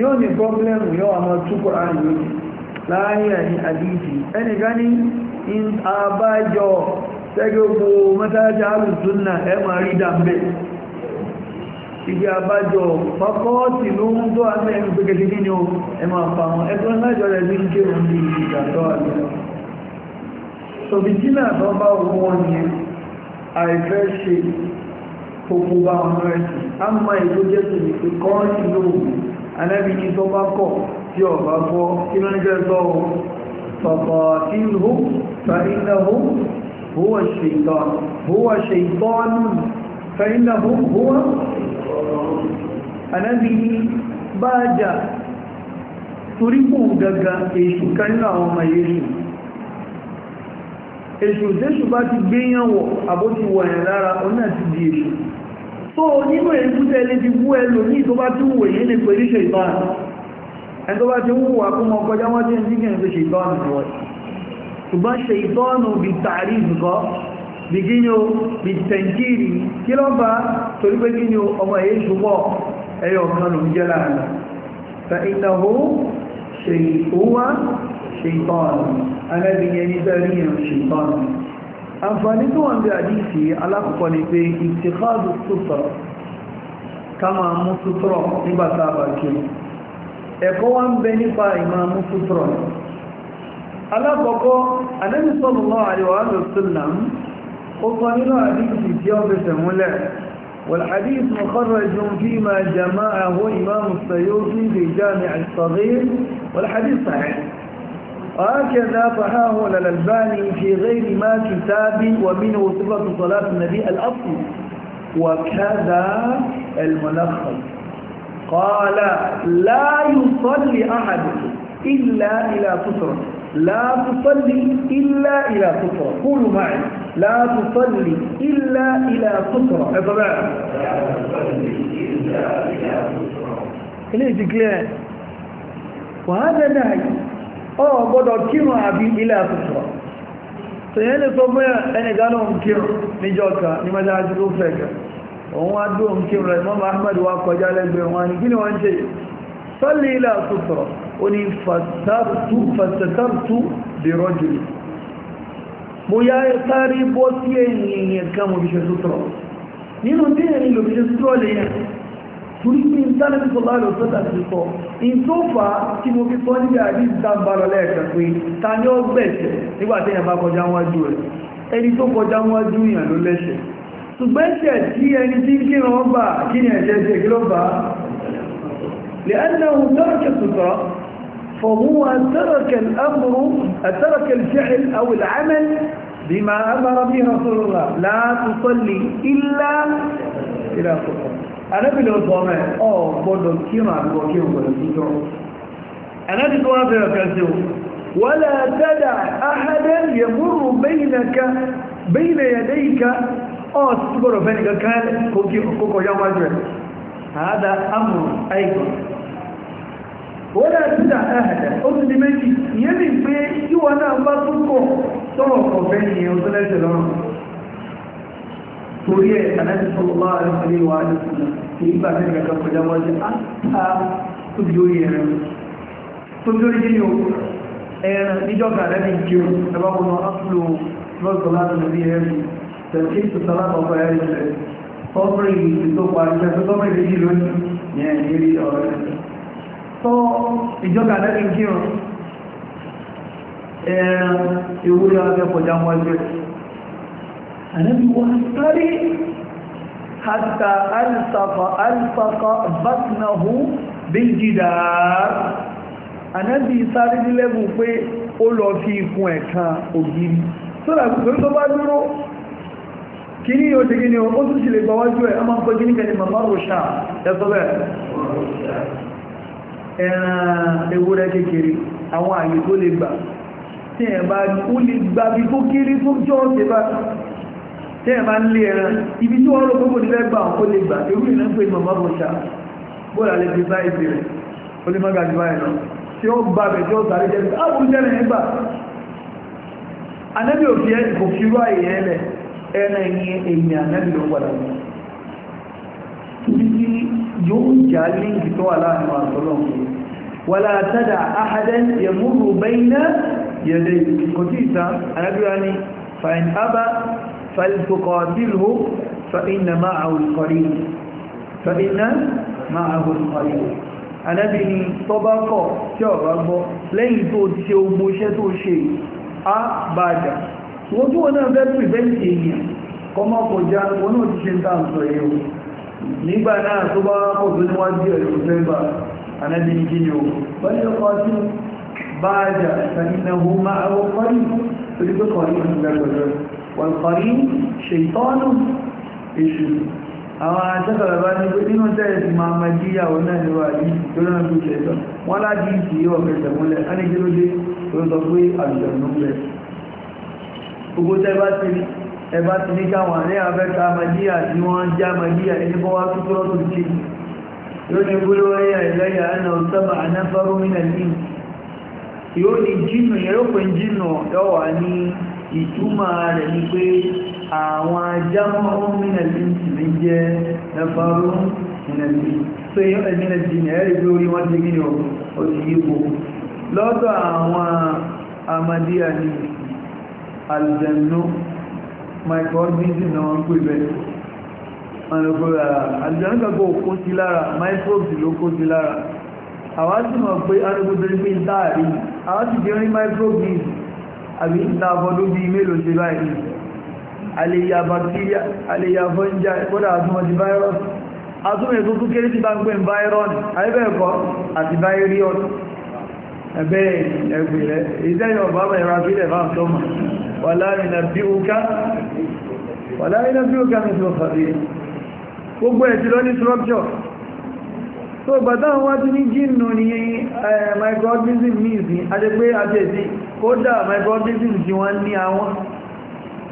yóò ní pọ́blẹ́mù yóò àmọ́ túkọ̀ ààyè láàrin àní àdíjì ẹnìkan ní àbájọ tẹ́gbogbo mẹ́tàlájá alùsùnà ẹmà rí dàmbẹ̀ ibi àbájọ pàkọ́ọ̀tì ló ń tó àmẹ́ ẹ̀mù on di ẹmà àpàwọn ẹgbẹ́ mẹ́jọ rẹ̀ ní jẹ́ òun ní ìgbàtọ́ àlọ́ tòbìjínà tó bá wọ́n ní àìfẹ́ ṣe kókó bá anábì ní tó bá kọ̀ tí ọ bá fọ́ kí ló ń jẹ́ sọ ohun tọ̀tọ̀ tí hù fẹ́ínàhù hùwà ṣètọ́nù fẹ́ínàhù hùwà anábì ní bá jà torípò gaga èṣù kanínà àwọn ọmọ yéṣù èṣù tẹ́ṣù bá ti gbéyànwọ̀ àbótiwọ̀ ẹ̀ lára ọ náà ti di èṣù tó nínú ìrúsẹ́ ilé ti mú ẹlò ní tó bá tí wòye ní pẹ̀lú ṣe ìbára ẹn tó bá ti wù wà fún ọkọjá wọ́n tí ń díkẹ̀ ń fi ṣe ìtọ́nù wọ́n ṣùgbọ́n ṣe ìtọ́nù bí tààrí nǹkan bí bẹ́ẹ̀ ríyàn ṣe ìtọ́nù àǹfààní tó wà ń bí àdíṣì alákọ̀ọ́ ni pé ìtìkáàdù sútọ̀rọ̀ ká máa mú sútọ̀rọ̀ nígbàtà àbàkì ẹ̀kọ́ wá ń bẹ nípa ìmá mú sútọ̀rọ̀ alákọ̀ọ́kọ́ Ànábì sallallahu alaihi wasallam والحديث مخرج فيما جمعه إمام السيوطي في جامع والحديث صحيح وهكذا فهاهل الألباني في غير ما كتاب ومنه صفة صلاة النبي الأصل وكذا الملخص قال لا يصلي أحد إلا إلى فترة لا تصلي إلا إلى فترة قولوا معي لا تصلي إلا إلى فترة إيه طبعا لا تصلي إلا إلى فترة ليه وهذا نهي ọ̀rọ̀ gbọ́dọ̀ kírùn àbí ilẹ̀ àtùsọ̀ tèyẹ́ lè sọ mẹ́ ẹnìgánà òun kírùn níjọ́ kan ní mẹ́ta àti tó fẹ́ kan òun wá dó òun kírùn rẹ̀ mọ́mọ́ ahmed wá kọjá lẹ́gbẹ̀ẹ́ ni gíní wọ́n ṣe sọ́lì ilẹ̀ àtùsọ̀ ó ní fàtàtàtù bèrọ́jùlì mo yá sáré bọ́ sí torí pé ìtànàbí sọ́lá ìlú tó tàbí kọ́ in tó fà á tí mo fi kọ́ níbi àdí ìdámbàrọ̀ lẹ́ẹ̀kan pé ta ni ó gbẹ̀ṣẹ̀ nígbàtí èèyàn bá kọjá wájú rẹ̀ ẹni tó kọjá wájú èèyàn ló lẹ́ṣẹ̀ ṣùgbọ́n ẹ̀ṣẹ̀ tí ẹni tí ń kíran bà kí ni ẹ̀ṣẹ̀ ṣe kí ló bà á lè ẹ́nà ohun tọ́rọ̀kẹ̀ tuntun فهو ترك الأمر ترك الفعل أو العمل بما أمر به رسول الله لا تصلي إلا إلى صلاة anábìlẹ̀ ọ̀tọ̀ ọmọ ẹ̀ ọ̀ gbọ́dọ̀ kírun àbúkọ kírun pẹ̀lú títọ́ anábì tó wá fẹ́rẹ̀ fẹ́ sí o wala tada ahadan yamurru baynaka bayna yadayka ọ̀ sí gbọ́dọ̀ fẹ́ nìkan kan kókò yá wájú ẹ̀ hada amru aikan wọ́n dá títà ẹ̀hẹ̀dẹ̀ ó ti torí ẹ̀ anáti sọ́lọ́lá àrífẹ́lẹ́ wà ní ìgbà tẹ́lẹ̀ kẹta kọjá wọ́n jẹ́ àtà tó bí orí ẹ̀rẹ̀ tó bí orí jẹ́ yóò ẹ̀rẹ̀ níjọ́gà rẹ̀ ní kí o ẹbá wọn ápùlò lọ́sọ̀lá lórí ẹ̀rẹ̀ tẹ̀sí ìtọ́sọ́lá ọ̀pọ̀ ẹ̀rẹ̀ rẹ̀ ọ̀pọ̀rẹ̀ ìgbìtọ́pọ̀ àrífẹ́ tó tọ́mọ̀ ìrẹ́jì lónìí ní ẹ̀rí ìwúrí ọjọ́ kọjá wọ́n jẹ́ ànábì wá sáré hatta alfaqa alfaqa batnahu biljidar ànábì sáré nílẹ́bù pé ó lọ fi ikùn ẹ̀kan ògiri sọ́dà pẹ̀lú tó bá dúró kí ní yóò tẹ́gí ni ó tún sì lè gbọ́wájú ẹ̀ a máa ń pẹ́ kí ní kẹ́ni màmá rọ̀ṣà ẹ̀sọ́ bẹ́ẹ̀ ẹ̀ràn tẹ́yẹ̀ bá ń lé ẹran ibi tí wọ́n rò kókò ní lẹ́gbà ọkọ̀ lè gbà irú ìrìn pé mọ̀mọ́ bó ṣá bóòlà lè fi báyìí bẹ̀rẹ̀ ó lè mọ́gà jù báyìí lọ tí ó bá bẹ̀ tí ó sáré jẹ́ bí áwùrú jẹ́ rẹ̀ gbà anábì òfi ẹ kò fi rú àyè yẹn lẹ̀ ẹran ẹ̀yìn ẹ̀yìn anábì ló padà فلتقاتله فإن معه القريب فإن معه القريب anábìnrin tó bá kọ̀ tí ọ̀rọ̀ gbọ́ lẹ́yìn tó ti ṣe ogbó iṣẹ́ tó ṣe á bá jà wọ́n tí wọ́n náà fẹ́ pìfẹ́ǹtì èèyàn kọmọ kọjá wọ́n náà ti ṣe ń tàǹsọ èèyàn nígbà náà tó bá kọ̀ tó níwájú ẹ̀rọ والقرين شيطان èṣù àwọn àṣẹ́kọ̀lọ́bá ní pé nínú tẹ́ẹ̀sì ma ma jíyà wọn náà níwà yìí tó náà tó ṣe ẹ̀tọ́ wọ́n láti ìsì yíò ọ̀fẹ́sẹ̀ múlẹ̀ ánìkílódé tó sọ pé àlùjọ̀nù ń bẹ gbogbo tẹ́bá ti ẹbá ti ní káwọn ní afẹ́ta ma jíyà tí wọ́n já ma jíyà ẹni bọ́ wá tútúrọ́ tó ṣe yóò ní gbóló ẹ̀yà ìlẹ́yà ẹ̀nà ọ̀sẹ́bà anáfẹ́rú nínú yóò ní jínú yẹ́rọ̀pẹ̀ jínú yọ́wà ní ìtumọ̀ rẹ̀ ni pé àwọn ajámọ́ mínàlì ní jẹ́ ẹfàrú mínàlì tó yẹ ẹ̀mínàlì ní ẹ̀rì pé orí wọ́n ti gíní ọ̀tí yípo lọ́dọ̀ àwọn amadíyà ní aljannu microorganism náà wọ́n pè bẹ́ẹ̀ ọ̀nàkọ̀rọ̀ ah, aljannu gbogbo kó sí lára microbes ló kó sí lára àwọn ti mọ̀ pé anugbogbo ní pé ń táàrí àwọn ti jẹ́ rí microorganism àbí láàbọ̀dún bí mélòó ṣe báyìí àlèyà bacteria àlèyà fungi kódà àtúnmọ̀ ti virus àtúnmọ̀ tó tún kéré ti bá ń pè viron àìbẹ̀ẹ̀kọ́ àti virion ẹ̀bẹ́ ẹgbẹ̀rẹ̀ ìdẹ́yìn ọ̀bá mẹ́ra fílẹ̀ bá ń tọ́mà wà láàrin àbí òkà mẹ́sàn-án so bàtà wọ́n eh, ti ní jíìnù ní microorganism means ní adẹ́gbé àjẹ́sí kódà microorganism tí wọ́n ní àwọn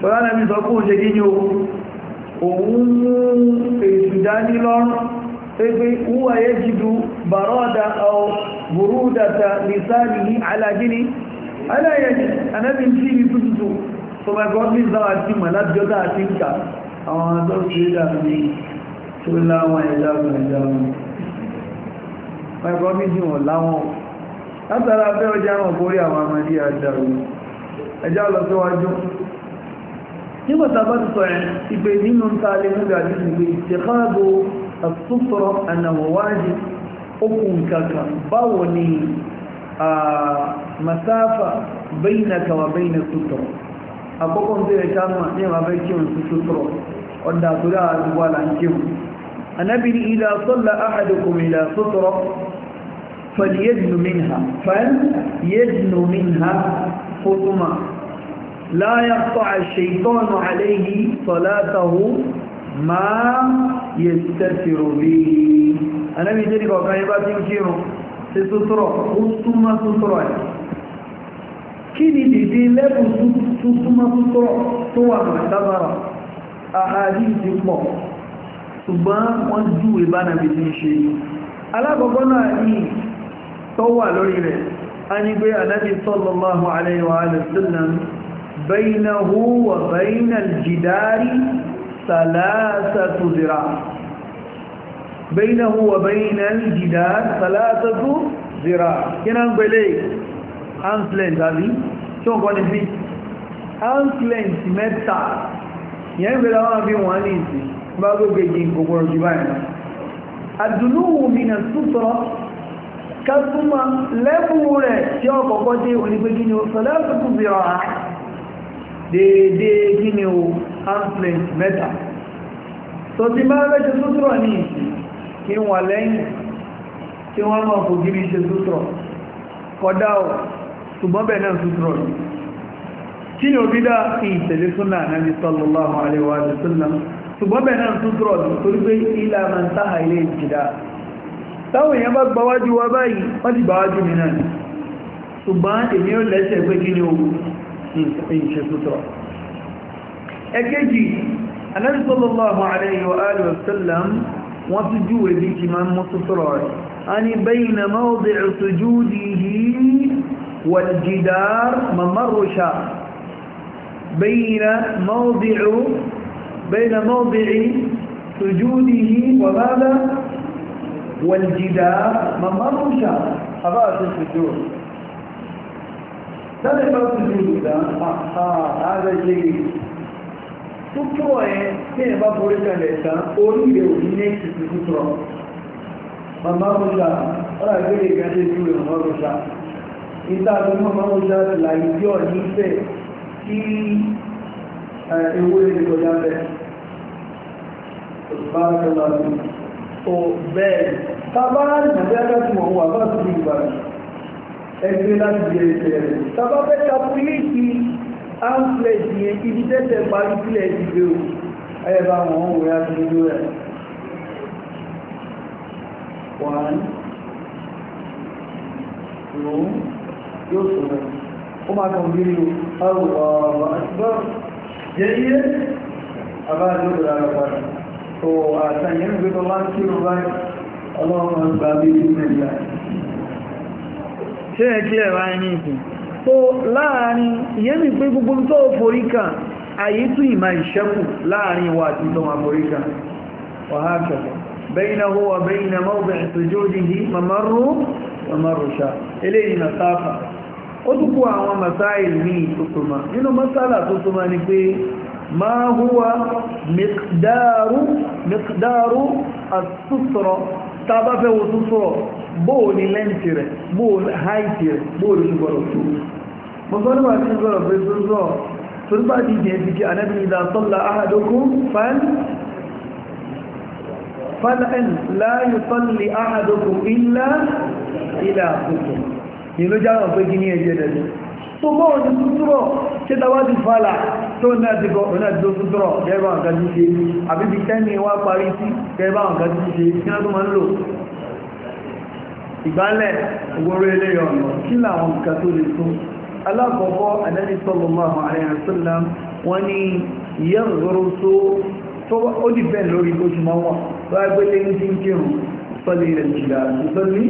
bàbá nàbí sọ fún òṣèké ní owó òun mú èsù dání lọ́rùn pépé wúwa yẹ́ jìdú bàrọ́dà ọ̀ burúdàta lisanihi alágíní aláyẹ̀jì anábì tí ní tútù so microorganism dáwà ti mọ̀ lábíọ́dá àti ń kà àwọn àtọ́ microvision láwọn látara bẹ́ ọjà wọn borí àwọn amadí àdàrú ẹjá lọ síwájú nígbàtà bá ti sọ ẹ̀ ìgbè nínú ta lè mú gàdí ìgbè ìtẹ̀kọ́gbò àtúntọ̀rọ̀ ànàwọ̀wájì okùn kankan báwo ni masáfà bẹ́yìnà kàwà bẹ́yìnà sútọ̀rọ̀ àkọ́kọ́ tó yẹ ká mọ̀ ní àwọn abẹ́ kírun sí sútọ̀rọ̀ ọ̀dà tó dáa àdúgbò àlàkírun anábì ní ìlà sọ́lá ahadukum ìlà sutra falyadnu minha falyadnu minha fótúmà la yaqta'a ash-shaytanu alayhi salatahu ma yastatiru bihi anábì jẹ́ nìkan kan yẹba tí ń kírun sí sutra ó súnmọ́ sutra ẹ̀ kí ni dìde lẹ́bùn súnmọ́ sutra tó wà mọ̀ sábàrà àhàdí ìdípọ̀ ṣùgbọ́n wọ́n júwe bá nàbí tí ń ṣe alákọ̀ọ́kọ́ náà ní tó wà lórí rẹ̀ a ní pé anábi sallallahu alaihi wa sallam bainahu wa bainal jidari salasatu zira bainahu wa bainal jidar salasatu zira kíná ń gbẹ̀lẹ̀ hands length àbí tí ó bá lóge jí gbogbo ojú báyìí lọ àdùnúhù mi nà sútọ ká súnmọ́ lẹ́bùn rẹ̀ tí ó kọ̀kọ́ dé onígbégí ni ó sọ̀lẹ́ òkú bí ọ̀há déédéé kí ni ó amplent mẹ́ta tó ti máa lẹ́jọ sútọ̀ ní kí wà lẹ́yìn tí wọ́n máa kò gírí ṣe sútọ̀ kọ̀dá ò ṣùgbọ́n bẹ̀ náà sútọ̀ ní kí ni òbí dá ìtẹ̀lé súnà náà ní sallallahu alaihi wa sallam ṣùgbọ́n bẹ̀rẹ̀ náà tún tọrọ ní torí pé ilá ma ń táhà ilé ìjìdá táwọn èèyàn bá gbáwájú wa báyìí wọ́n ti gbáwájú mi náà ṣùgbọ́n èmi ò lẹ́sẹ̀ pé kí ni ohun ìṣẹ́ sútọ̀ ẹkẹ́jì Ànábì sallallahu alayhi wa alihi wa sallam wọ́n ti júwèé bí ti máa ń mú sútọ̀rọ̀ rẹ̀ a ní bayna بين موضع سجوده وماذا والجدار ممر شاء حضارة السجود هذا يقول سجود هذا جيد sútúrọ̀ ẹ tí ẹ bá borí kalẹ̀ tán orí rẹ̀ ò ní ẹ̀kì sí sútúrọ̀ màmá mọ́ṣá ọ̀rọ̀ àgbèrè ìgbàdé ju rẹ̀ mọ́ mọ́ṣá ìta àti màmá mọ́ṣá ti láyé bí ọ̀ nífẹ̀ẹ́ kí ewúrẹ́ ti kọjá bẹ́ẹ̀ bárakà o oh, bẹ́ẹ̀ tábà nàìjíríà tí wọ́n wà bá ti ìbàrẹ̀ ẹgbẹ́ láti jẹ ìṣẹ́ rẹ̀ tábà fẹ́ kàpílìkì áńflẹ̀t yẹn ibi tẹ́tẹ̀ parí sílẹ̀ ìdíje o ẹ bá wọn wò ya ti dúró rẹ̀ wọ́n lòun yóò sọ̀rọ̀ ọ̀rọ̀ àti bọ́ọ̀ jẹ́ iye àbájọ́ ìdára so àtàyẹn gbé tó máa ń kí ló báyìí ọlọ́run ọgbà bí i nílá ṣe é kí ẹ̀rọ ẹni ìsìn so láàrin ìyẹn mi pé gbogbo tó forí kan àyè tún ìmá ìṣẹ́kù láàrin ìwà àti tó máa forí kan wàhá kẹfẹ́ bẹ́yìn ahó wa bẹ́yìn amọ́bẹ̀ ìtòjójìhì mamaru mamaru ṣá eléyìí na sáfà ó tún àwọn masáìlì ní ìtòtòmá nínú masálà tó tó máa ni pé ما هو مقدار مقدار السطر تابعه السطر بول لنتير بول هايتير بول شكرا مصور ما تنظر في السطر فرضا دي دي دي أنا بني إذا صلى أحدكم فل فلأن لا يصلي أحدكم إلا إلى سطر ينجا ما بجنيه جدد سطر سطر كتواتي فلأ tó náà ti gọ́ ọ̀nà tó tún tọ́rọ̀ gẹ́gbà ọ̀gá ti ṣe àbíbi tẹ́ni wá parí sí gẹ́gbà ọ̀gá ti ṣe kí wọ́n tó máa ń lò ìgbálẹ̀ ogoro ilé ọ̀nà kí làwọn nǹkan tó lè tún alákọ̀ọ́kọ́ àdáni sallallahu alaihi wasallam wọ́n ní ìyẹ́ ìrọ̀rọ̀